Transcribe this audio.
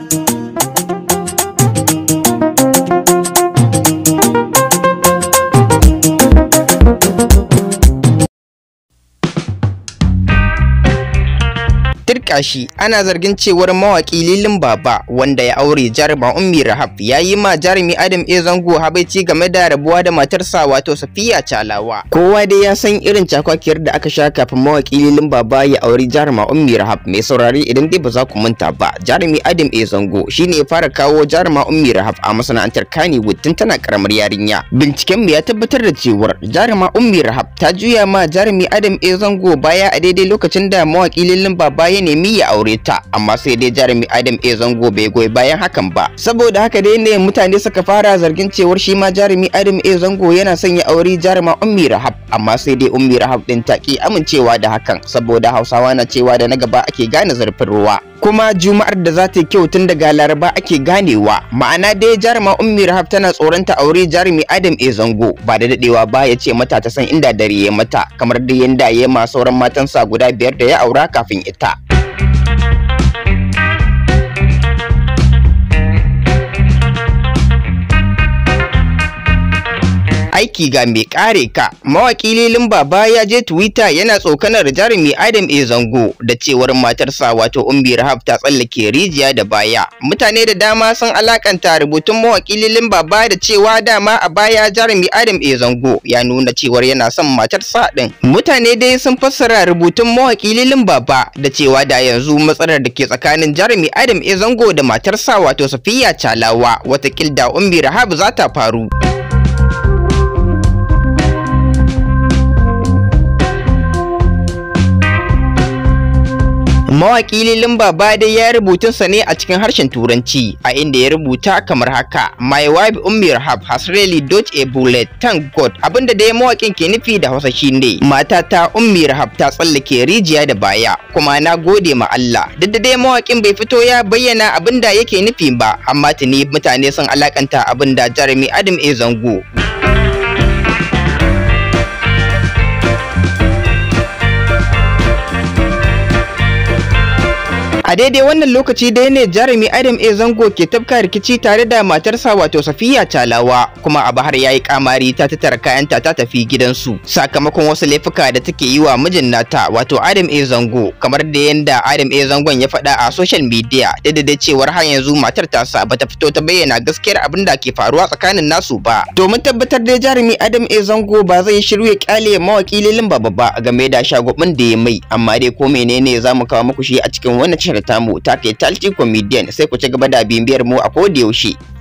Thank you. liƙa shi ana zargin cewar mawaki Lilin Baba wanda ya aure jarima Ummi Rahab ya yi ma jarumi Adam A Zango habaici game da rabuwa da matarsa wato Safiya calawa Kowa dai ya san irin cakwakiyar da aka sha kafin mawaki Lilin Baba ya aure jarima Ummi Rahab mai saurari idan dai ba za ku manta ba jarumi Adam A Zango shine ya fara kawo jarima Ummi Rahab a masana'antar Kannywood tun tana karamar yarinya. Binciken mu ya tabbatar da cewar jarima Ummi Rahab ta juya ma jarumi Adam A Zango baya a daidai lokacin da mawaki Lilin Baba ya nemi jarumi ya aure ta amma sai dai jarumi Adam A Zango bai goyi bayan hakan ba saboda haka dai ne mutane suka fara zargin cewar shi ma jarumi Adam A Zango yana son ya aure jaruma Ummi Rahab amma sai dai Ummi Rahab din ta ki amincewa da hakan saboda Hausawa na cewa da na gaba ake gane zurfin ruwa kuma juma'ar da za ta kyau tun daga laraba ake ganewa ma'ana dai jaruma ummi rahab tana tsoron ta aure jarumi adam e zango ba da dadewa ba ya ce mata ta san inda dare ya mata kamar dai yanda ya ma sauran sa guda biyar da ya aura kafin ita aiki ga mai kare ka mawaki lilin baba ya je twitter yana tsokanar jarumi adam a zango da cewar matarsa wato umbi rahab ta tsallake rijiya da baya mutane da dama sun alakanta rubutun mawaki lilin baba da cewa dama a baya jarumi adam a zango ya nuna cewar yana son matarsa din mutane dai sun fassara rubutun mawaki lilin baba da cewa da yanzu matsalar da ke tsakanin jarumi adam a zango da matarsa wato safiya chalawa watakil da umbi rahab za ta faru Mawaƙi Lilin Baba dai ya rubutun sa ne a cikin harshen Turanci, a inda ya rubuta kamar haka: My wife Ummi Rahab has really dodged a bullet, thank God. Abinda dai mawakin ke nufi da Hausa shine, matata Ummi Rahab ta tsallake rijiya da baya, kuma na gode ma Allah. Duk da dai mawakin bai fito ya bayyana abinda yake nufi ba, amma tuni mutane sun alakanta abinda Jarumi Adam A. Zango a daidai wannan lokaci dai ne jarumi adam a zango ke tafka rikici tare da matarsa wato safiya talawa kuma a bahar yayi kamari ta tattara kayanta ta tafi gidansu sakamakon wasu laifuka da take yi wa mijin nata wato adam a zango kamar da yanda adam a zangon ya faɗa a social media da da cewar har yanzu matar ta sa bata fito ta bayyana gaskiyar abin da ke faruwa tsakanin nasu ba domin tabbatar da jarumi adam a zango ba zai yi shiru ya kyale mawaki lilin baba ba game da shagobin da ya mai amma dai ko menene zamu kawo muku shi a cikin wannan tamu ta fiye comedian sai ku ci gaba da bimbiyar mu a koda yaushe